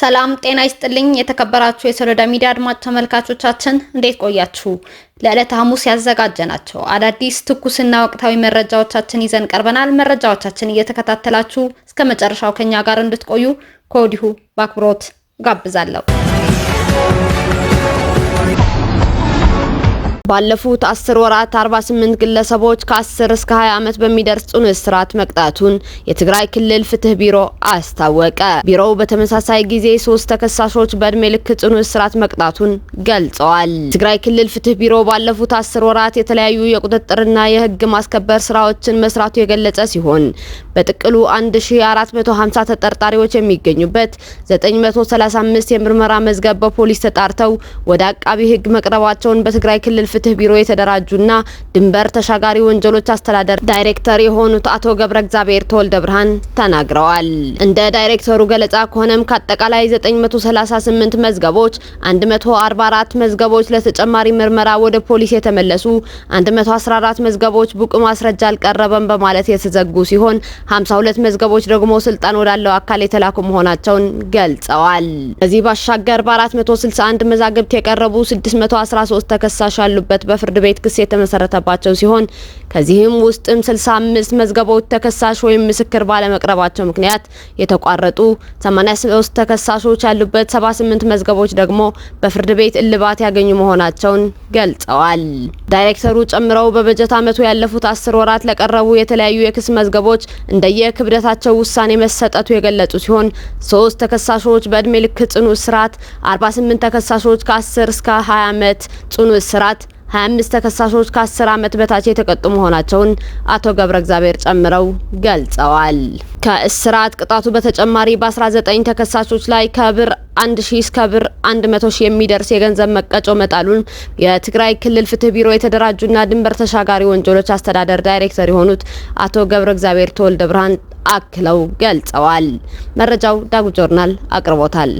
ሰላም ጤና ይስጥልኝ። የተከበራችሁ የሶሎዳ ሚዲያ አድማጭ ተመልካቾቻችን እንዴት ቆያችሁ? ለዕለተ ሐሙስ ያዘጋጀናቸው አዳዲስ ትኩስና ወቅታዊ መረጃዎቻችን ይዘን ቀርበናል። መረጃዎቻችን እየተከታተላችሁ እስከ መጨረሻው ከኛ ጋር እንድትቆዩ ከወዲሁ በአክብሮት ጋብዛለሁ። ባለፉት 10 ወራት 48 ግለሰቦች ከ10 እስከ 20 ዓመት በሚደርስ ጽኑ እስራት መቅጣቱን የትግራይ ክልል ፍትህ ቢሮ አስታወቀ። ቢሮው በተመሳሳይ ጊዜ ሶስት ተከሳሾች በእድሜ ልክ ጽኑ እስራት መቅጣቱን ገልጸዋል። ትግራይ ክልል ፍትህ ቢሮ ባለፉት 10 ወራት የተለያዩ የቁጥጥርና የህግ ማስከበር ስራዎችን መስራቱ የገለጸ ሲሆን በጥቅሉ 1450 ተጠርጣሪዎች የሚገኙበት 935 የምርመራ መዝገብ በፖሊስ ተጣርተው ወደ አቃቢ ህግ መቅረባቸውን በትግራይ ክልል ፍትህ ቢሮ የተደራጁና ድንበር ተሻጋሪ ወንጀሎች አስተዳደር ዳይሬክተር የሆኑት አቶ ገብረ እግዚአብሔር ተወልደ ብርሃን ተናግረዋል። እንደ ዳይሬክተሩ ገለጻ ከሆነም ከአጠቃላይ 938 መዝገቦች 144 መዝገቦች ለተጨማሪ ምርመራ ወደ ፖሊስ የተመለሱ፣ 114 መዝገቦች ብቁ ማስረጃ አልቀረበም በማለት የተዘጉ ሲሆን 52 መዝገቦች ደግሞ ስልጣን ወዳለው አካል የተላኩ መሆናቸውን ገልጸዋል። ከዚህ ባሻገር በ461 መዛግብት የቀረቡ 613 ተከሳሽ አሉ። በደረሱበት በፍርድ ቤት ክስ የተመሰረተባቸው ሲሆን ከዚህም ውስጥም 65 መዝገቦች ተከሳሽ ወይም ምስክር ባለመቅረባቸው ምክንያት የተቋረጡ፣ 83 ተከሳሾች ያሉበት 78 መዝገቦች ደግሞ በፍርድ ቤት እልባት ያገኙ መሆናቸውን ገልጸዋል። ዳይሬክተሩ ጨምረው በበጀት ዓመቱ ያለፉት አስር ወራት ለቀረቡ የተለያዩ የክስ መዝገቦች እንደየክብደታቸው ውሳኔ መሰጠቱ የገለጹ ሲሆን ሶስት ተከሳሾች በእድሜ ልክ ጽኑ እስራት፣ 48 ተከሳሾች ከ10 እስከ 20 አመት ጽኑ እስራት 25 ተከሳሾች ከ10 ዓመት በታች የተቀጡ መሆናቸውን አቶ ገብረ እግዚአብሔር ጨምረው ገልጸዋል። ከእስራት ቅጣቱ በተጨማሪ በ19 ተከሳሾች ላይ ከብር 1000 እስከ ብር 100 ሺህ የሚደርስ የገንዘብ መቀጮ መጣሉን የትግራይ ክልል ፍትህ ቢሮ የተደራጁና ድንበር ተሻጋሪ ወንጀሎች አስተዳደር ዳይሬክተር የሆኑት አቶ ገብረ እግዚአብሔር ተወልደ ብርሃን አክለው ገልጸዋል። መረጃው ዳጉ ጆርናል አቅርቦታል።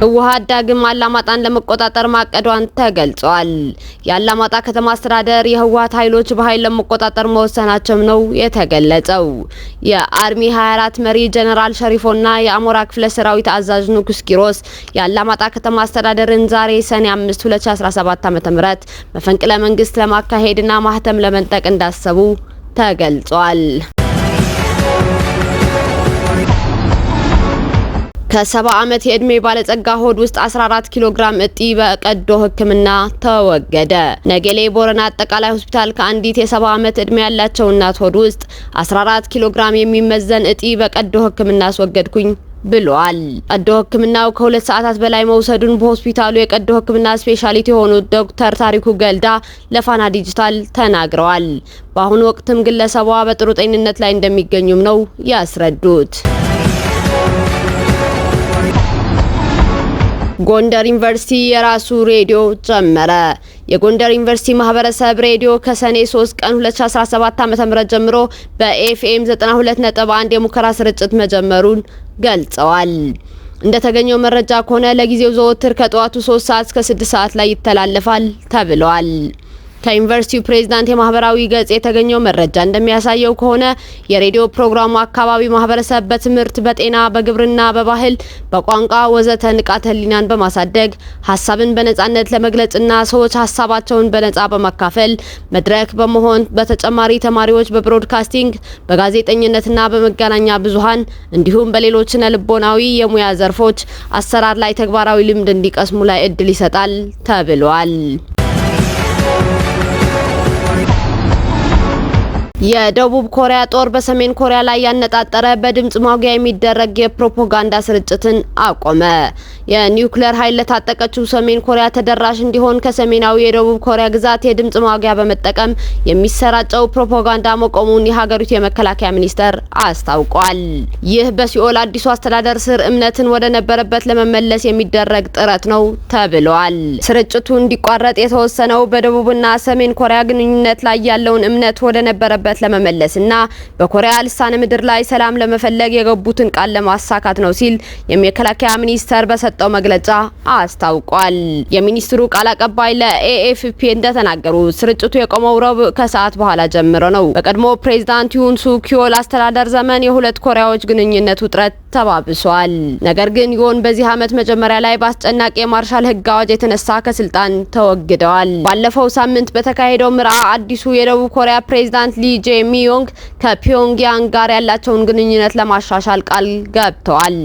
ህወሓት ዳግም አላማጣን ለመቆጣጠር ማቀዷን ተገልጿል። የአላማጣ ከተማ አስተዳደር የህወሓት ኃይሎች በኃይል ለመቆጣጠር መወሰናቸው ነው የተገለጸው። የአርሚ 24 መሪ ጀነራል ሸሪፎና የአሞራ ክፍለ ሰራዊት አዛዥ ንጉስ ኪሮስ የአላማጣ ከተማ አስተዳደርን ዛሬ ሰኔ 5 2017 ዓ.ም መፈንቅለ መንግስት ለማካሄድና ማህተም ለመንጠቅ እንዳሰቡ ተገልጿል። ከሰባ ዓመት የዕድሜ ባለጸጋ ሆድ ውስጥ 14 ኪሎ ግራም እጢ በቀዶ ሕክምና ተወገደ። ነገሌ ቦረና አጠቃላይ ሆስፒታል ከአንዲት የሰባ ዓመት ዕድሜ ያላቸው እናት ሆድ ውስጥ 14 ኪሎ ግራም የሚመዘን እጢ በቀዶ ሕክምና አስወገድኩኝ ብሏል። ቀዶ ህክምናው ከሁለት ሰዓታት በላይ መውሰዱን በሆስፒታሉ የቀዶ ህክምና ስፔሻሊቲ የሆኑት ዶክተር ታሪኩ ገልዳ ለፋና ዲጂታል ተናግረዋል። በአሁኑ ወቅትም ግለሰቧ በጥሩ ጤንነት ላይ እንደሚገኙም ነው ያስረዱት። ጎንደር ዩኒቨርሲቲ የራሱ ሬዲዮ ጀመረ። የጎንደር ዩኒቨርሲቲ ማህበረሰብ ሬዲዮ ከሰኔ 3 ቀን 2017 ዓ.ም ጀምሮ በኤፍኤም 92.1 የሙከራ ስርጭት መጀመሩን ገልጸዋል። እንደተገኘው መረጃ ከሆነ ለጊዜው ዘወትር ከጠዋቱ 3 ሰዓት እስከ 6 ሰዓት ላይ ይተላለፋል ተብሏል። ከዩኒቨርሲቲው ፕሬዝዳንት የማህበራዊ ገጽ የተገኘው መረጃ እንደሚያሳየው ከሆነ የሬዲዮ ፕሮግራሙ አካባቢ ማህበረሰብ በትምህርት፣ በጤና፣ በግብርና፣ በባህል፣ በቋንቋ ወዘተ ንቃተ ህሊናን በማሳደግ ሀሳብን በነጻነት ለመግለጽና ሰዎች ሀሳባቸውን በነጻ በመካፈል መድረክ በመሆን በተጨማሪ ተማሪዎች በብሮድካስቲንግ በጋዜጠኝነትና በመገናኛ ብዙሃን እንዲሁም በሌሎች ልቦናዊ የሙያ ዘርፎች አሰራር ላይ ተግባራዊ ልምድ እንዲቀስሙ ላይ እድል ይሰጣል ተብሏል። የደቡብ ኮሪያ ጦር በሰሜን ኮሪያ ላይ ያነጣጠረ በድምጽ ማጉያ የሚደረግ የፕሮፓጋንዳ ስርጭትን አቆመ። የኒውክሌር ኃይል ለታጠቀችው ሰሜን ኮሪያ ተደራሽ እንዲሆን ከሰሜናዊ የደቡብ ኮሪያ ግዛት የድምጽ ማጉያ በመጠቀም የሚሰራጨው ፕሮፓጋንዳ መቆሙን የሀገሪቱ የመከላከያ ሚኒስቴር አስታውቋል። ይህ በሲኦል አዲሱ አስተዳደር ስር እምነትን ወደ ነበረበት ለመመለስ የሚደረግ ጥረት ነው ተብሏል። ስርጭቱ እንዲቋረጥ የተወሰነው በደቡብና ሰሜን ኮሪያ ግንኙነት ላይ ያለውን እምነት ወደ ነበረበት ለመመለስ ለመመለስና በኮሪያ ልሳነ ምድር ላይ ሰላም ለመፈለግ የገቡትን ቃል ለማሳካት ነው ሲል የመከላከያ ሚኒስቴር በሰጠው መግለጫ አስታውቋል። የሚኒስትሩ ቃል አቀባይ ለኤኤፍፒ እንደተናገሩት ስርጭቱ የቆመው ረቡዕ ከሰዓት በኋላ ጀምሮ ነው። በቀድሞ ፕሬዚዳንት ዩንሱ ኪዮል አስተዳደር ዘመን የሁለት ኮሪያዎች ግንኙነት ውጥረት ተባብሷል። ነገር ግን ይሁን በዚህ ዓመት መጀመሪያ ላይ በአስጨናቂ የማርሻል ህግ አዋጅ የተነሳ ከስልጣን ተወግደዋል። ባለፈው ሳምንት በተካሄደው ምርጫ አዲሱ የደቡብ ኮሪያ ፕሬዝዳንት ሊ ጄ ሚዮንግ ከፒዮንግያንግ ጋር ያላቸውን ግንኙነት ለማሻሻል ቃል ገብተዋል።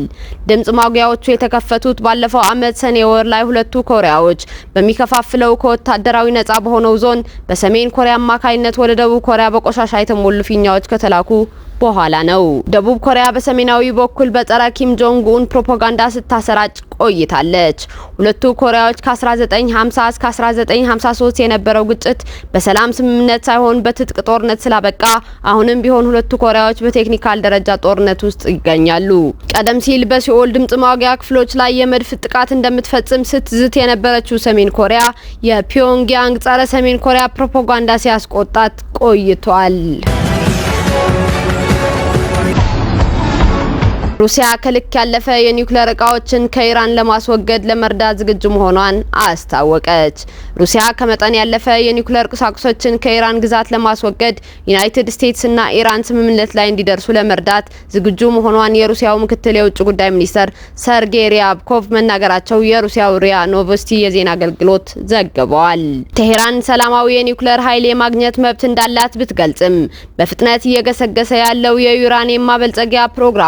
ድምጽ ማጉያዎቹ የተከፈቱት ባለፈው ዓመት ሰኔ ወር ላይ ሁለቱ ኮሪያዎች በሚከፋፍለው ከወታደራዊ ነጻ በሆነው ዞን በሰሜን ኮሪያ አማካይነት ወደ ደቡብ ኮሪያ በቆሻሻ የተሞሉ ፊኛዎች ከተላኩ በኋላ ነው። ደቡብ ኮሪያ በሰሜናዊ በኩል በጸረ ኪም ጆንግ ኡን ፕሮፓጋንዳ ስታሰራጭ ቆይታለች። ሁለቱ ኮሪያዎች ከ1950 እስከ 1953 የነበረው ግጭት በሰላም ስምምነት ሳይሆን በትጥቅ ጦርነት ስላበቃ አሁንም ቢሆን ሁለቱ ኮሪያዎች በቴክኒካል ደረጃ ጦርነት ውስጥ ይገኛሉ። ቀደም ሲል በሲኦል ድምጽ ማጉያ ክፍሎች ላይ የመድፍ ጥቃት እንደምትፈጽም ስትዝት የነበረችው ሰሜን ኮሪያ የፒዮንግያንግ ጸረ ሰሜን ኮሪያ ፕሮፓጋንዳ ሲያስቆጣት ቆይቷል። ሩሲያ ከልክ ያለፈ የኒውክሌር እቃዎችን ከኢራን ለማስወገድ ለመርዳት ዝግጁ መሆኗን አስታወቀች። ሩሲያ ከመጠን ያለፈ የኒውክሌር ቁሳቁሶችን ከኢራን ግዛት ለማስወገድ ዩናይትድ ስቴትስ እና ኢራን ስምምነት ላይ እንዲደርሱ ለመርዳት ዝግጁ መሆኗን የሩሲያው ምክትል የውጭ ጉዳይ ሚኒስተር ሰርጌይ ሪያብኮቭ መናገራቸው የሩሲያው ሪያ ኖቨስቲ የዜና አገልግሎት ዘግበዋል። ቴሄራን ሰላማዊ የኒውክሌር ኃይል የማግኘት መብት እንዳላት ብትገልጽም በፍጥነት እየገሰገሰ ያለው የዩራኒየም ማበልጸጊያ ፕሮግራሟ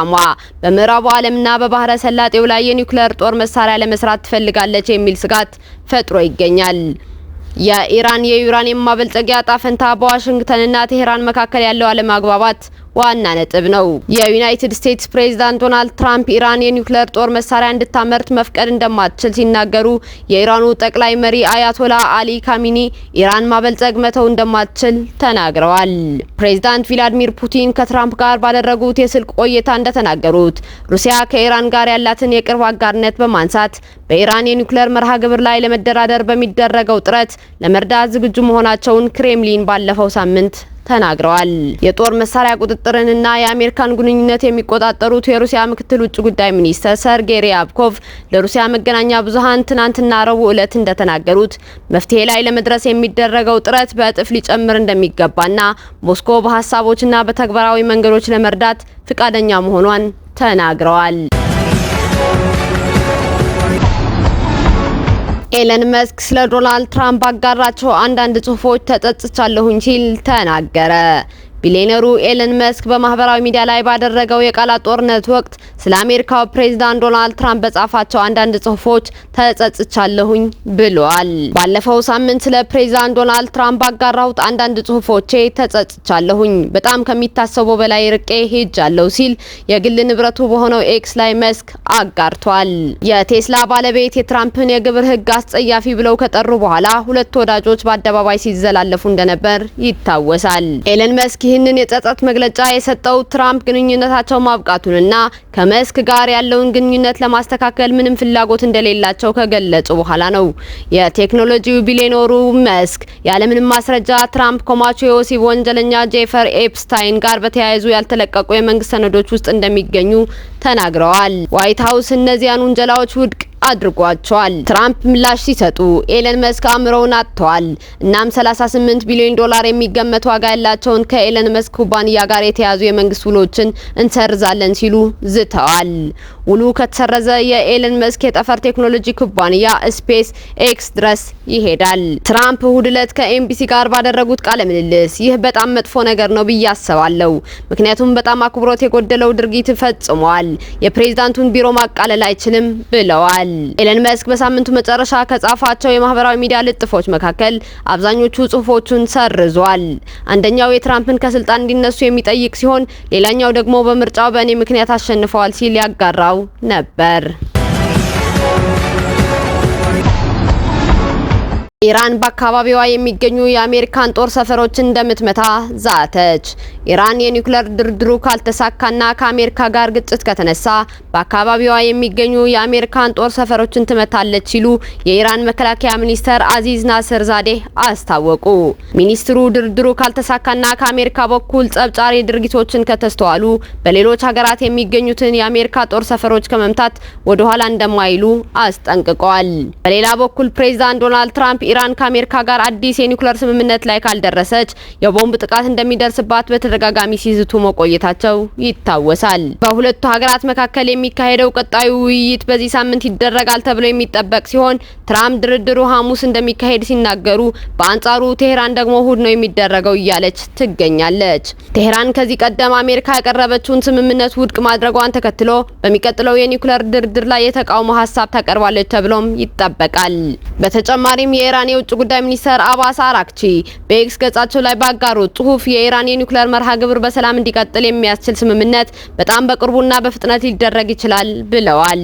በምዕራቡ ዓለምና በባህረ ሰላጤው ላይ የኒውክሌር ጦር መሳሪያ ለመስራት ትፈልጋለች የሚል ስጋት ፈጥሮ ይገኛል። የኢራን የዩራኒየም ማበልጸጊያ ጣፈንታ በዋሽንግተንና ቴሄራን መካከል ያለው አለመግባባት ዋና ነጥብ ነው። የዩናይትድ ስቴትስ ፕሬዝዳንት ዶናልድ ትራምፕ ኢራን የኒውክሌር ጦር መሳሪያ እንድታመርት መፍቀድ እንደማትችል ሲናገሩ፣ የኢራኑ ጠቅላይ መሪ አያቶላ አሊ ካሚኒ ኢራን ማበልጸግ መተው እንደማትችል ተናግረዋል። ፕሬዚዳንት ቪላዲሚር ፑቲን ከትራምፕ ጋር ባደረጉት የስልክ ቆይታ እንደተናገሩት ሩሲያ ከኢራን ጋር ያላትን የቅርብ አጋርነት በማንሳት በኢራን የኒውክሌር መርሃ ግብር ላይ ለመደራደር በሚደረገው ጥረት ለመርዳት ዝግጁ መሆናቸውን ክሬምሊን ባለፈው ሳምንት ተናግረዋል። የጦር መሳሪያ ቁጥጥርንና የአሜሪካን ግንኙነት የሚቆጣጠሩት የሩሲያ ምክትል ውጭ ጉዳይ ሚኒስተር ሰርጌይ ሪያብኮቭ ለሩሲያ መገናኛ ብዙሃን ትናንትና ረቡዕ ዕለት እንደተናገሩት መፍትሄ ላይ ለመድረስ የሚደረገው ጥረት በእጥፍ ሊጨምር እንደሚገባና ሞስኮ በሀሳቦችና በተግባራዊ መንገዶች ለመርዳት ፍቃደኛ መሆኗን ተናግረዋል። ኤለን መስክ ስለ ዶናልድ ትራምፕ አጋራቸው አንዳንድ ጽሁፎች ተጸጽቻለሁኝ ሲል ተናገረ። ቢሊዮነሩ ኤለን መስክ በማህበራዊ ሚዲያ ላይ ባደረገው የቃላት ጦርነት ወቅት ስለ አሜሪካው ፕሬዝዳንት ዶናልድ ትራምፕ በጻፋቸው አንዳንድ ጽሁፎች ተጸጽቻለሁኝ ብሏል። ባለፈው ሳምንት ስለ ፕሬዝዳንት ዶናልድ ትራምፕ ባጋራሁት አንዳንድ ጽሁፎቼ ተጸጽቻለሁኝ፣ በጣም ከሚታሰበው በላይ ርቄ ሄጃለሁ ሲል የግል ንብረቱ በሆነው ኤክስ ላይ መስክ አጋርቷል። የቴስላ ባለቤት የትራምፕን የግብር ህግ አስጸያፊ ብለው ከጠሩ በኋላ ሁለት ወዳጆች በአደባባይ ሲዘላለፉ እንደነበር ይታወሳል። ኤለን መስክ ይህንን የጸጸት መግለጫ የሰጠው ትራምፕ ግንኙነታቸው ማብቃቱንና ከመስክ ጋር ያለውን ግንኙነት ለማስተካከል ምንም ፍላጎት እንደሌላቸው ከገለጹ በኋላ ነው። የቴክኖሎጂው ቢሊዮነሩ መስክ ያለምንም ማስረጃ ትራምፕ ኮማቾ የወሲብ ወንጀለኛ ጄፈር ኤፕስታይን ጋር በተያያዙ ያልተለቀቁ የመንግስት ሰነዶች ውስጥ እንደሚገኙ ተናግረዋል። ዋይት ሀውስ እነዚያን ውንጀላዎች ውድቅ አድርጓቸዋል። ትራምፕ ምላሽ ሲሰጡ ኤለን መስክ አእምሮውን አጥተዋል። እናም 38 ቢሊዮን ዶላር የሚገመት ዋጋ ያላቸውን ከኤለን መስክ ኩባንያ ጋር የተያዙ የመንግስት ውሎችን እንሰርዛለን ሲሉ ዝተዋል። ውሉ ከተሰረዘ የኤለን መስክ የጠፈር ቴክኖሎጂ ኩባንያ ስፔስ ኤክስ ድረስ ይሄዳል። ትራምፕ እሁድ ዕለት ከኤምቢሲ ጋር ባደረጉት ቃለ ምልልስ ይህ በጣም መጥፎ ነገር ነው ብዬ አስባለሁ፣ ምክንያቱም በጣም አክብሮት የጎደለው ድርጊት ፈጽሟል፣ የፕሬዝዳንቱን ቢሮ ማቃለል አይችልም ብለዋል። ኤለን መስክ በሳምንቱ መጨረሻ ከጻፋቸው የማህበራዊ ሚዲያ ልጥፎች መካከል አብዛኞቹ ጽሁፎቹን ሰርዟል። አንደኛው የትራምፕን ከስልጣን እንዲነሱ የሚጠይቅ ሲሆን፣ ሌላኛው ደግሞ በምርጫው በእኔ ምክንያት አሸንፈዋል ሲል ያጋራው ነበር። ኢራን በአካባቢዋ የሚገኙ የአሜሪካን ጦር ሰፈሮች እንደምትመታ ዛተች። ኢራን የኒውክሌር ድርድሩ ካልተሳካና ከአሜሪካ ጋር ግጭት ከተነሳ በአካባቢዋ የሚገኙ የአሜሪካን ጦር ሰፈሮችን ትመታለች ሲሉ የኢራን መከላከያ ሚኒስተር አዚዝ ናስር ዛዴ አስታወቁ። ሚኒስትሩ ድርድሩ ካልተሳካና ከአሜሪካ በኩል ጸብጫሪ ድርጊቶችን ከተስተዋሉ በሌሎች ሀገራት የሚገኙትን የአሜሪካ ጦር ሰፈሮች ከመምታት ወደኋላ እንደማይሉ አስጠንቅቀዋል። በሌላ በኩል ፕሬዚዳንት ዶናልድ ትራምፕ ኢራን ከአሜሪካ ጋር አዲስ የኒኩለር ስምምነት ላይ ካልደረሰች የቦምብ ጥቃት እንደሚደርስባት በተደጋጋሚ ሲዝቱ መቆየታቸው ይታወሳል። በሁለቱ ሀገራት መካከል የሚካሄደው ቀጣዩ ውይይት በዚህ ሳምንት ይደረጋል ተብሎ የሚጠበቅ ሲሆን ትራምፕ ድርድሩ ሐሙስ እንደሚካሄድ ሲናገሩ፣ በአንጻሩ ቴሄራን ደግሞ እሁድ ነው የሚደረገው እያለች ትገኛለች። ቴሄራን ከዚህ ቀደም አሜሪካ ያቀረበችውን ስምምነት ውድቅ ማድረጓን ተከትሎ በሚቀጥለው የኒኩለር ድርድር ላይ የተቃውሞ ሀሳብ ታቀርባለች ተብሎም ይጠበቃል። በተጨማሪም የኢራን የኢራን የውጭ ጉዳይ ሚኒስተር አባስ አራክቺ በኤክስ ገጻቸው ላይ ባጋሩት ጽሁፍ የኢራን የኒውክሌር መርሃ ግብር በሰላም እንዲቀጥል የሚያስችል ስምምነት በጣም በቅርቡና በፍጥነት ሊደረግ ይችላል ብለዋል።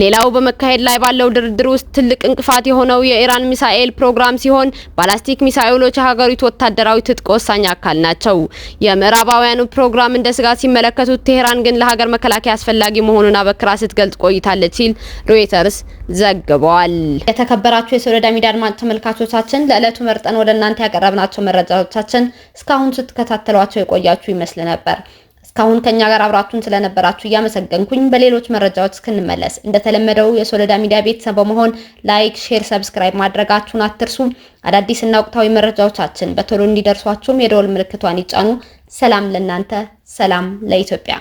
ሌላው በመካሄድ ላይ ባለው ድርድር ውስጥ ትልቅ እንቅፋት የሆነው የኢራን ሚሳኤል ፕሮግራም ሲሆን ባላስቲክ ሚሳኤሎች የሀገሪቱ ወታደራዊ ትጥቅ ወሳኝ አካል ናቸው። የምዕራባውያኑ ፕሮግራም እንደ ስጋት ሲመለከቱት፣ ቴሄራን ግን ለሀገር መከላከያ አስፈላጊ መሆኑን አበክራ ስትገልጽ ቆይታለች ሲል ሮይተርስ ዘግቧል። የተከበራችሁ የሶሎዳ ሚዲያ አድማጭ ተመልካቾቻችን ለዕለቱ መርጠን ወደ እናንተ ያቀረብናቸው መረጃዎቻችን እስካሁን ስትከታተሏቸው የቆያችሁ ይመስል ነበር። እስካሁን ከኛ ጋር አብራችሁን ስለነበራችሁ እያመሰገንኩኝ በሌሎች መረጃዎች እስክንመለስ እንደተለመደው የሶለዳ ሚዲያ ቤተሰብ በመሆን ላይክ፣ ሼር፣ ሰብስክራይብ ማድረጋችሁን አትርሱ። አዳዲስና ወቅታዊ መረጃዎቻችን በቶሎ እንዲደርሷችሁም የደወል ምልክቷን ይጫኑ። ሰላም ለእናንተ፣ ሰላም ለኢትዮጵያ።